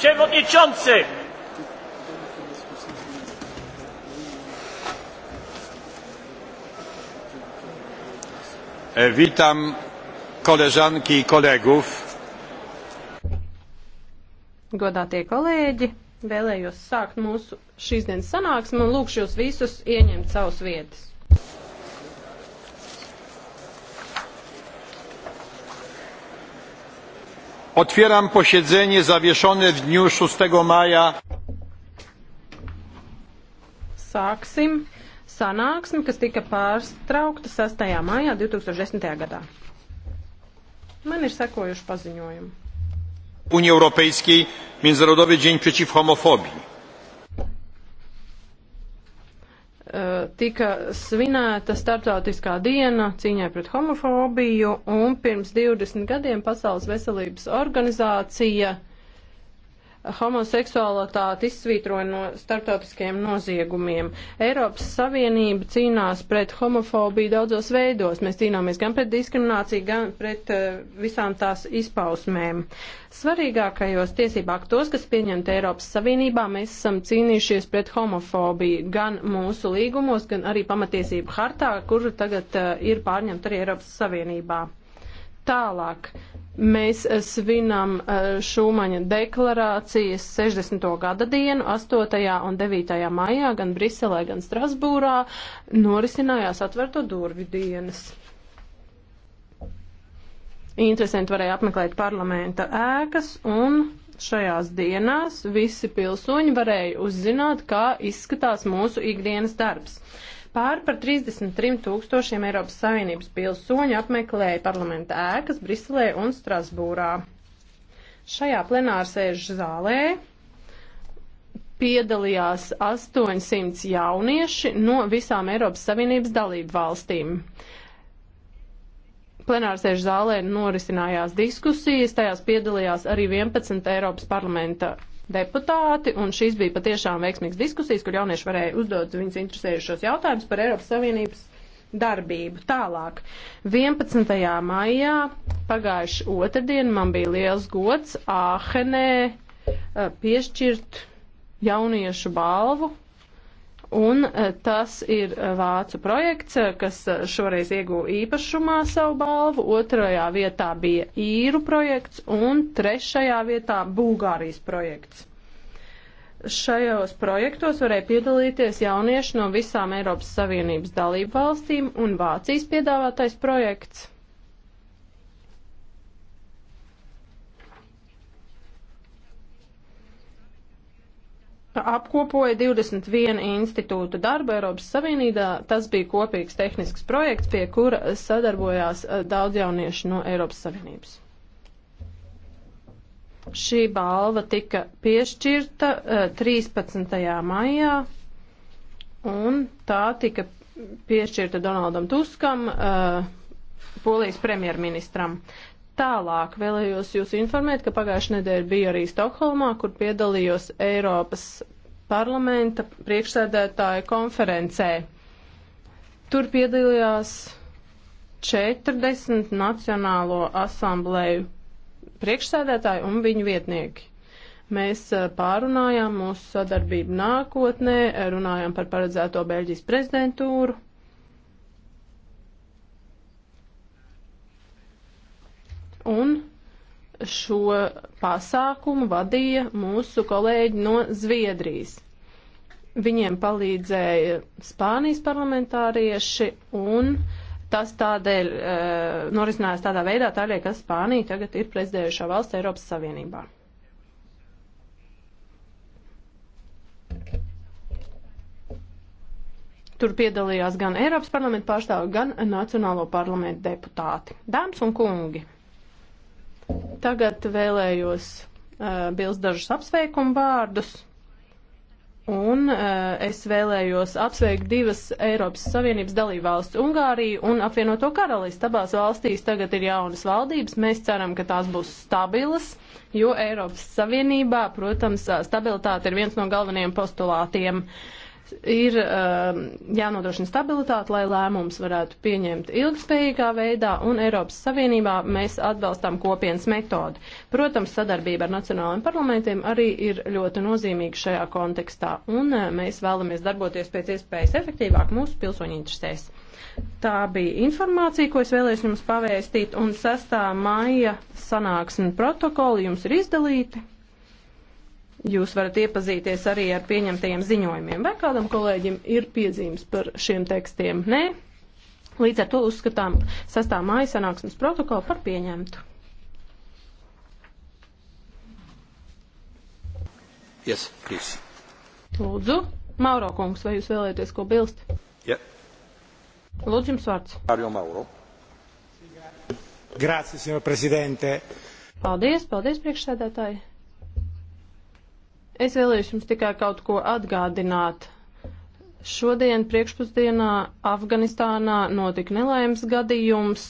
Przewodniczący! E, witam koleżanki i kolegów. Godātie kolēģi, vēlējos sākt mūsu šīs dienas sanāksmu un lūkšu jūs visus ieņemt savus vietas. Otwieram posiedzenie zawieszone w dniu 6 maja. Sāksim sanāksmi, kas tika pārstraukta 6. maijā 2010. gadā. Man ir sekojuši paziņojumi. Unii Europejskiej Międzynarodowy Dzień Przeciw Homofobii. tika svinēta starptautiskā diena cīņai pret homofobiju, un pirms 20 gadiem Pasaules veselības organizācija uh, homoseksualitāti izsvītroja no starptautiskiem noziegumiem. Eiropas Savienība cīnās pret homofobiju daudzos veidos. Mēs cīnāmies gan pret diskrimināciju, gan pret uh, visām tās izpausmēm. Svarīgākajos tiesību aktos, kas pieņemti Eiropas Savienībā, mēs esam cīnījušies pret homofobiju gan mūsu līgumos, gan arī pamatiesību hartā, kur tagad uh, ir pārņemta arī Eiropas Savienībā. Tālāk mēs svinam eh, Šūmaņa deklarācijas 60. gada dienu, 8. un 9. maijā, gan Briselē, gan Strasbūrā norisinājās atverto durvju dienas. Interesanti varēja apmeklēt parlamenta ēkas un šajās dienās visi pilsoņi varēja uzzināt, kā izskatās mūsu ikdienas darbs. Uh, Pār par 33 tūkstošiem Eiropas Savienības pilsoņu apmeklēja parlamenta ēkas Briselē un Strasbūrā. Šajā plenārsēžu zālē piedalījās 800 jaunieši no visām Eiropas Savienības dalību valstīm. Plenārsēžu zālē norisinājās diskusijas, tajās piedalījās arī 11 Eiropas parlamenta deputāti, un šīs bija patiešām veiksmīgas diskusijas, kur jaunieši varēja uzdot viņus interesējušos jautājumus par Eiropas Savienības darbību. Tālāk, 11. maijā pagājuši otrdien man bija liels gods Āhenē eh, piešķirt jauniešu balvu Un eh, tas ir eh, vācu projekts, eh, kas šoreiz ieguva īpašumā savu balvu, otrajā vietā bija īru projekts un trešajā vietā Bulgārijas projekts. Šajos projektos varēja piedalīties jaunieši no visām Eiropas Savienības dalību valstīm un Vācijas piedāvātais projekts apkopoja 21 institūtu darbu Eiropas Savienībā. Tas bija kopīgs tehnisks projekts, pie kura sadarbojās eh, daudz jaunieši no Eiropas Savienības. Šī balva tika piešķirta 13. Eh, maijā, un tā tika piešķirta Donaldam Tuskam, eh, Polijas premjerministram. Tālāk vēlējos jūs informēt, ka pagājušajā nedēļā biju arī Stokholmā, kur piedalījos Eiropas parlamenta priekšsēdētāja konferencē. Tur piedalījās 40 Nacionālo asamblēju priekšsēdētāji un viņu vietnieki. Mēs eh, pārunājām mūsu sadarbību nākotnē, runājām par paredzēto Beļģijas prezidentūru un šo pasākumu vadīja mūsu kolēģi no Zviedrijas. Viņiem palīdzēja Spānijas parlamentārieši un tas tādēļ e, norisinājās tādā veidā, tādēļ, ka Spānija tagad ir prezidējušā valsts Eiropas Savienībā. Tur piedalījās gan Eiropas parlamenta pārstāvi, gan Nacionālo parlamentu deputāti. Dāmas un kungi! Tagad vēlējos uh, bilst dažus apsveikumu vārdus. Un uh, es vēlējos apsveikt divas Eiropas Savienības dalībvalsts - Ungāriju un apvienoto karalisti. Abās valstīs tagad ir jaunas valdības. Mēs ceram, ka tās būs stabilas, jo Eiropas Savienībā, protams, stabilitāte ir viens no galvenajiem postulātiem. Uh, ir um, jānodrošina stabilitāte, lai lēmums varētu pieņemt ilgspējīgā veidā, un Eiropas Savienībā mēs atbalstām kopienas metodu. Protams, sadarbība ar nacionālajiem parlamentiem arī ir ļoti nozīmīga šajā kontekstā, un uh, mēs vēlamies darboties pēc iespējas efektīvāk mūsu pilsoņu interesēs. Tā bija informācija, ko es vēlēšu jums pavēstīt, un 6. maija sanāksmi protokoli jums ir izdalīti. Jūs varat iepazīties arī ar pieņemtajiem ziņojumiem. Vai kādam kolēģim ir piezīmes par šiem tekstiem? Nē. Līdz ar to uzskatām sastāv mājas sanāksmes protokolu par pieņemtu. Yes, please. Lūdzu, Mauro kungs, vai jūs vēlēties ko bilst? Jā. Yeah. Lūdzu, jums vārds. Mario Mauro. Grazie, signor Presidente. Paldies, paldies, priekšsēdētāji. Es vēlēšu jums tikai kaut ko atgādināt. Šodien priekšpusdienā Afganistānā notika nelaimes gadījums.